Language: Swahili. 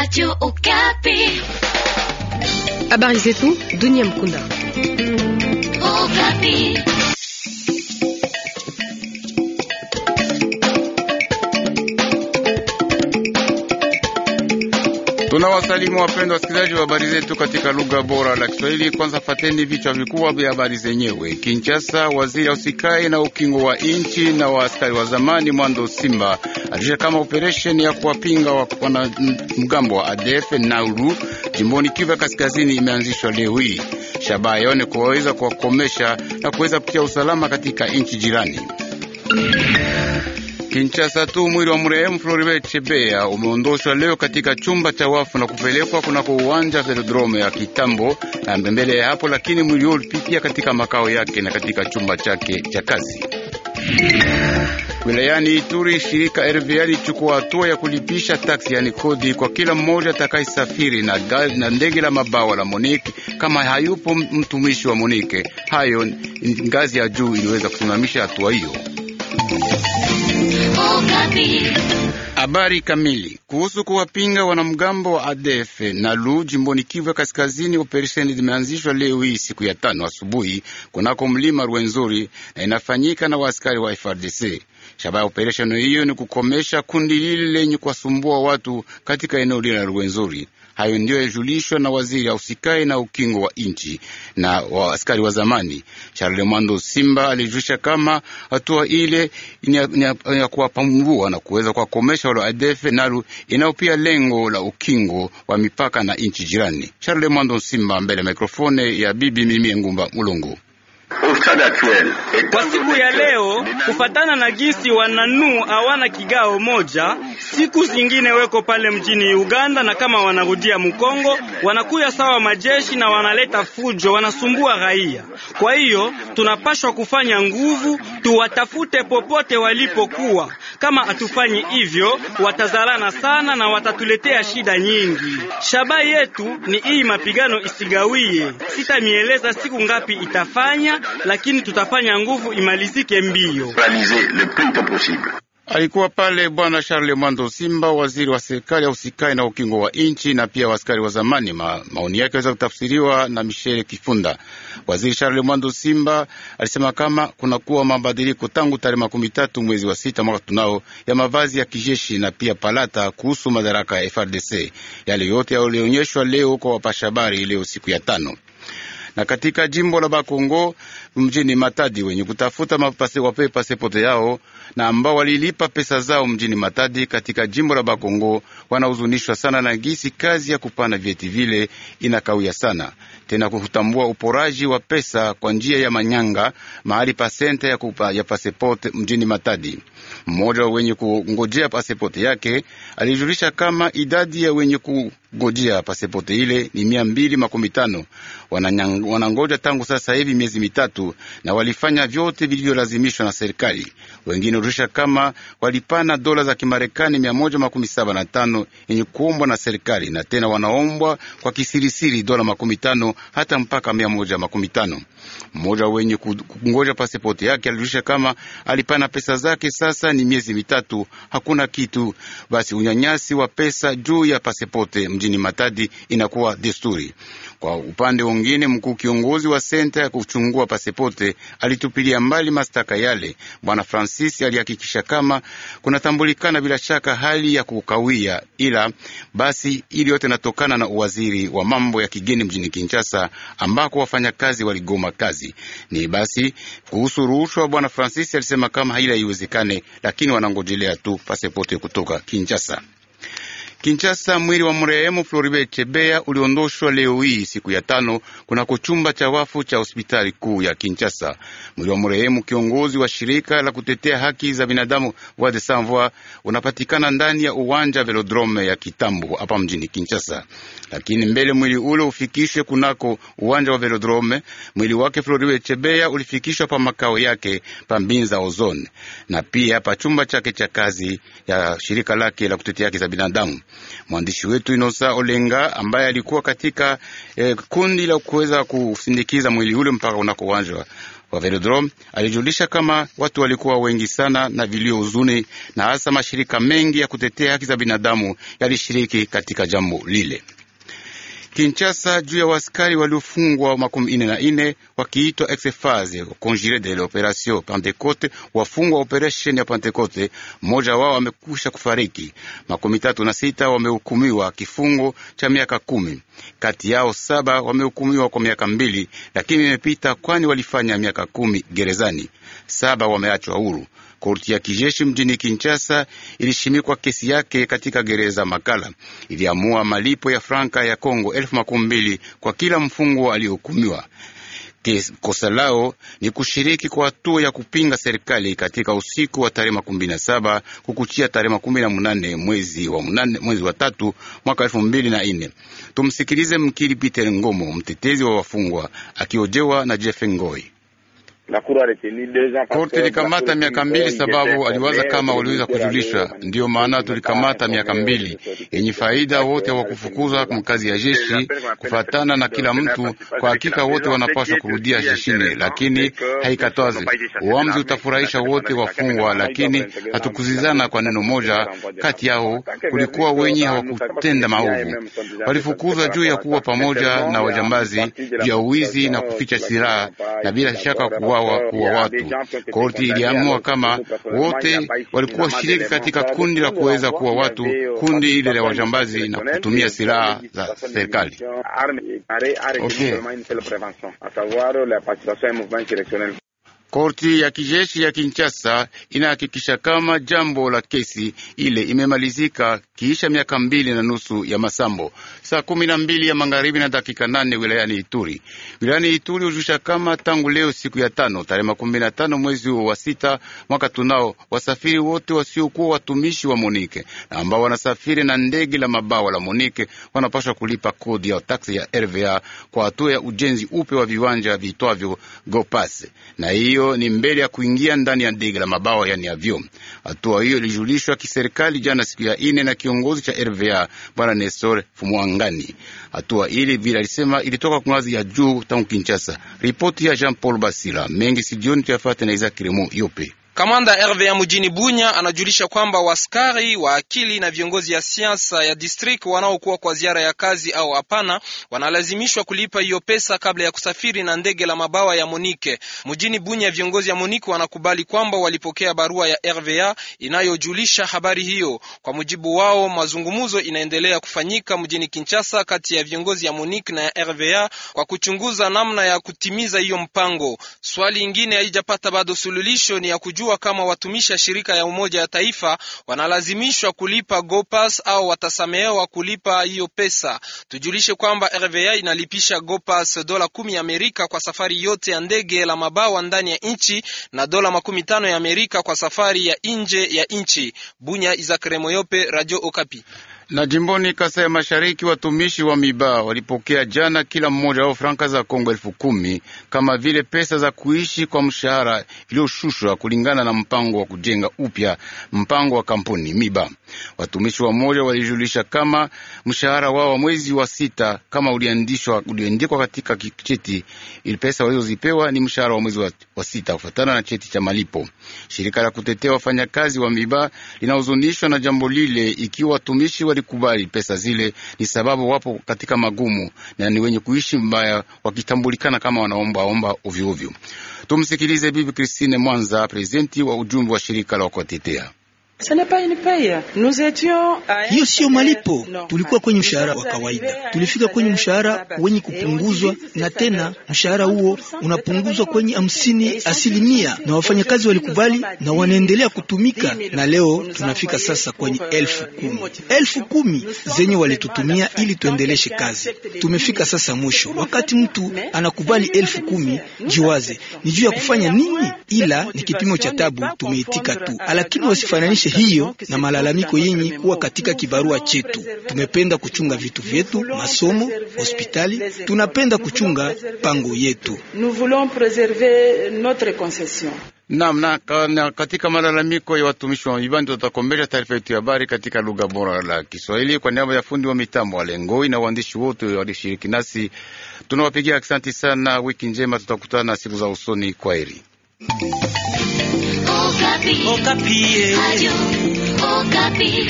Radio Okapi. Habari zetu dunia mkunda. Okapi. Tunawasalimu wapendwa wasikilizaji wa habari zetu katika lugha bora la Kiswahili. Kwanza fateni vichwa vikubwa vya habari zenyewe. Kinshasa, waziri usikai na ukingo wa nchi na waaskari wa zamani Mwando Simba alisha kama operesheni ya kuwapinga mgambo wa ADF Nauru jimboni Kivu Kaskazini imeanzishwa leo hii. Shabaha yao ni kuwaweza kuwakomesha na kuweza kutia usalama katika nchi jirani. Kinshasa tu mwili wa mrehemu Floribert Chebeya umeondoshwa leo katika chumba cha wafu na kupelekwa kunako uwanja velodrome ya Kitambo na mbembele ya hapo, lakini mwili huo ulipitia katika makao yake na katika chumba chake cha kazi. Wilayani Ituri, shirika RVA lichukua hatua ya kulipisha taksi, yani kodi, kwa kila mmoja atakayesafiri na gari na ndege la mabawa la Monike kama hayupo mtumishi wa Monike. Hayo ngazi ya juu iliweza kusimamisha hatua hiyo. Habari kamili kuhusu kuwapinga wanamgambo wa ADF na lu jimboni Kivu ya Kaskazini. Operesheni zimeanzishwa leo hii siku ya tano asubuhi kunako mlima Rwenzori na inafanyika na waaskari wa FRDC. Shabaha ya operesheni hiyo ni kukomesha kundi lile lenye kuwasumbua watu katika eneo lile la Rwenzori. Hayo ndio yajulishwa na waziri ausikae na ukingo wa nchi na wa askari wa zamani mando Simba. Alijulisha kama hatua ile ya kuwapambua na kuweza kuwakomesha walo adefe nalu inayo pia lengo la ukingo wa mipaka na nchi jirani. mando Simba mbele ya mikrofone ya bibi Mimi ngumba Mulungu. Kwa siku ya leo, kufatana na gisi wananu hawana kigao moja, siku zingine weko pale mjini Uganda, na kama wanarudia Mukongo wanakuya sawa majeshi na wanaleta fujo, wanasumbua raia. Kwa hiyo tunapashwa kufanya nguvu, tuwatafute popote walipokuwa. Kama hatufanyi hivyo, watazalana sana na watatuletea shida nyingi. Shabaha yetu ni hii, mapigano isigawie. Sitamieleza siku ngapi itafanya lakini tutafanya nguvu imalizike mbio. Alikuwa pale bwana Charles Mwando Simba, waziri wa serikali ya usikai na ukingo wa nchi, na pia waskari wa zamani. Ma, maoni yake aweza kutafsiriwa na Michel Kifunda. Waziri Charles Mwando Simba alisema kama kunakuwa mabadiliko tangu tarehe makumi tatu mwezi wa sita mwaka tunao ya mavazi ya kijeshi na pia palata kuhusu madaraka ya FRDC. Yale yote yalionyeshwa leo kwa wapashabari leo siku ya tano na katika jimbo la Bakongo mjini Matadi wenye kutafuta mapasi wape pasepote yao na ambao walilipa pesa zao mjini Matadi katika jimbo la Bakongo wanahuzunishwa sana na gisi kazi ya kupana vyeti vile inakawia sana, tena kutambua uporaji wa pesa kwa njia ya manyanga mahali pa senta ya, ya pasepote mjini Matadi. Mmoja wa wenye kungojea pasepote yake alijulisha kama idadi ya wenye ku kungojea pasepote ile ni mia mbili makumi tano wanangoja tangu sasa hivi miezi mitatu, na walifanya vyote vilivyolazimishwa na serikali. Wengine urusha kama walipana dola za Kimarekani mia moja makumi saba na tano yenye kuombwa na serikali, na tena wanaombwa kwa kisirisiri dola makumi tano hata mpaka mia moja makumi tano. Mmoja wenye kungoja pasipoti yake alirusha kama alipana pesa zake, sasa ni miezi mitatu, hakuna kitu. Basi unyanyasi wa pesa juu ya pasipoti mjini Matadi inakuwa desturi. Kwa upande mwingine, mkuu kiongozi wa senta ya kuchungua pasepote alitupilia mbali mashtaka yale. Bwana Francis alihakikisha kama kunatambulikana bila shaka hali ya kukawia, ila basi ili yote inatokana na uwaziri wa mambo ya kigeni mjini Kinshasa ambako wafanyakazi waligoma kazi. Ni basi kuhusu rushwa, Bwana Francis alisema kama haila haiwezekane, lakini wanangojelea tu pasepote kutoka Kinshasa. Kinshasa, mwili wa mrehemu Floribe Chebea uliondoshwa leo hii siku ya tano kuna kuchumba cha wafu cha hospitali kuu ya Kinshasa. Mwili wa mrehemu kiongozi wa shirika la kutetea haki za binadamu Voix des Sans Voix unapatikana ndani ya uwanja Velodrome ya Kitambo hapa mjini Kinshasa, lakini mbele mwili ule ufikishwe kunako uwanja wa Velodrome, mwili wake Floribe Chebea ulifikishwa pa makao yake pa Mbinza Ozone na pia pa chumba chake cha kazi ya shirika lake la kutetea haki za binadamu. Mwandishi wetu Inosa Olenga ambaye alikuwa katika eh, kundi la kuweza kusindikiza mwili ule mpaka unako uwanja wa velodrome alijulisha kama watu walikuwa wengi sana na vilio huzuni, na hasa mashirika mengi ya kutetea haki za binadamu yalishiriki katika jambo lile. Kinshasa juu ya waskari waliofungwa makumi ine na ine wakiitwa exefase congire de l'operation Pentecote, wafungwa operation ya Pentecote. Mmoja wao amekusha kufariki, makumi tatu na sita wamehukumiwa kifungo cha miaka kumi. Kati yao saba wamehukumiwa kwa miaka mbili, lakini imepita, kwani walifanya miaka kumi gerezani. Saba wameachwa huru. Korti ya kijeshi mjini Kinshasa ilishimikwa kesi yake katika gereza Makala. Iliamua malipo ya franka ya Kongo elfu makumi mbili kwa kila mfungwa aliyohukumiwa. Kosa lao ni kushiriki kwa hatua ya kupinga serikali katika usiku wa tarehe makumi na saba kukuchia tarehe makumi na munane mwezi wa munane, mwezi wa tatu mwaka elfu mbili na nne. Tumsikilize mkili Peter Ngomo, mtetezi wa wafungwa, akiojewa na Jeff Ngoi. Korte ilikamata miaka mbili sababu aliwaza kama waliweza kujulishwa, ndiyo maana tulikamata miaka mbili yenye faida. Wote wa kufukuzwa mkazi ya jeshi kufatana na kila mtu, kwa hakika wote wanapaswa kurudia jeshini, lakini haikatazi Uamuzi utafurahisha wote wafungwa, lakini hatukuzizana kwa neno moja. Kati yao kulikuwa wenye hawakutenda maovu, walifukuzwa juu ya kuwa pamoja na wajambazi, juu ya uwizi na kuficha silaha, na bila shaka kuwa kuuawa kuwa watu. Korti iliamua kama wote walikuwa shiriki katika kundi la kuweza kuwa watu, kundi ile la wajambazi na kutumia silaha za serikali. Okay. Korti ya kijeshi ya Kinshasa inahakikisha kama jambo la kesi ile imemalizika kiisha miaka mbili na nusu ya masambo. Saa kumi na mbili ya magharibi na dakika nane wilayani Ituri. Wilayani Ituri hujusha kama tangu leo siku ya tano tarehe makumi na tano mwezi wa sita mwaka tunao, wasafiri wote wasiokuwa watumishi wa Monike na ambao wanasafiri na ndege la mabawa la Monike wanapaswa kulipa kodi ya taksi ya RVA kwa hatua ya ujenzi upe wa viwanja vitwavyo Gopase na hiyo hiyo ni mbele ya kuingia ndani ya ndege la mabawa yani avyo. Hatua hiyo ilijulishwa kiserikali jana siku ya ine na kiongozi cha RVA bwana Nestor Fumwangani. Hatua ili vile alisema ilitoka kwa ngazi ya juu tangu Kinshasa. Ripoti ya Jean Paul Basila mengi sijioni tuyafate na Isaac Remo yope Kamanda ya mjini Bunya anajulisha kwamba waskari wa akili na viongozi ya siasa ya district wanaokuwa kwa ziara ya kazi au hapana wanalazimishwa kulipa hiyo pesa kabla ya kusafiri na ndege la mabawa ya Monike mjini Bunya. Viongozi ya Monike wanakubali kwamba walipokea barua ya RVA inayojulisha habari hiyo. Kwa mujibu wao, mazungumzo inaendelea kufanyika mjini Kinshasa kati ya viongozi ya monik na ya RVA kwa kuchunguza namna ya kutimiza hiyo mpango. Swali ingine haijapata bado suluhisho ni ya kujua wakiwa kama watumishi wa shirika ya Umoja ya Taifa wanalazimishwa kulipa Gopas au watasamehewa kulipa hiyo pesa. Tujulishe kwamba RVA inalipisha Gopas dola kumi ya Amerika kwa safari yote ya ndege la mabawa ndani ya nchi na dola makumi tano ya Amerika kwa safari ya nje ya nchi. Bunya, Isaac Remoyope, Radio Okapi. Na jimboni Kasa ya Mashariki, watumishi wa Miba walipokea jana kila mmoja wao franka za Kongo elfu kumi kama vile pesa za kuishi kwa mshahara iliyoshushwa kulingana na mpango wa kujenga upya mpango wa kampuni Miba. Watumishi wa moja walijulisha kama mshahara wao wa mwezi wa sita kama uliandishwa uliandikwa katika cheti, ili pesa walizozipewa ni mshahara wa mwezi wa, wa sita kufuatana na cheti cha malipo. Shirika la kutetea wafanyakazi wa Miba linahuzunishwa na jambo lile, ikiwa watumishi wali walikubali pesa zile, ni sababu wapo katika magumu na ni wenye kuishi mbaya, wakitambulikana kama wanaomba omba ovyo Tumsikilize Bibi Christine Mwanza, prezidenti wa ujumbe wa shirika la Wakuwatetea. Hiyo siyo malipo, tulikuwa kwenye mshahara wa kawaida. Tulifika kwenye mshahara wenye kupunguzwa, na tena mshahara huo unapunguzwa kwenye hamsini asilimia, na wafanyakazi walikubali na wanaendelea kutumika, na leo tunafika sasa kwenye euh, elfu kumi elfu kumi zenye walitutumia ili tuendeleshe kazi. Tumefika sasa mwisho. Wakati mtu anakubali elfu kumi jiwaze, ni juu ya kufanya nini? ila ni kipimo cha tabu, tumeitika tu, lakini wasifananishe hiyo na malalamiko yenye kuwa katika kibarua chetu. Tumependa kuchunga vitu vyetu, masomo, hospitali, tunapenda kuchunga pango yetu. Naam, na katika malalamiko ya watumishi wa vibanda tutakombesha taarifa yetu ya habari katika lugha bora la Kiswahili. Kwa niaba ya fundi wa mitambo wa Lengoi na waandishi wote walishiriki nasi, tunawapigia asanti sana. Wiki njema, tutakutana siku za usoni. heri. Okapi. Okapi. Eh.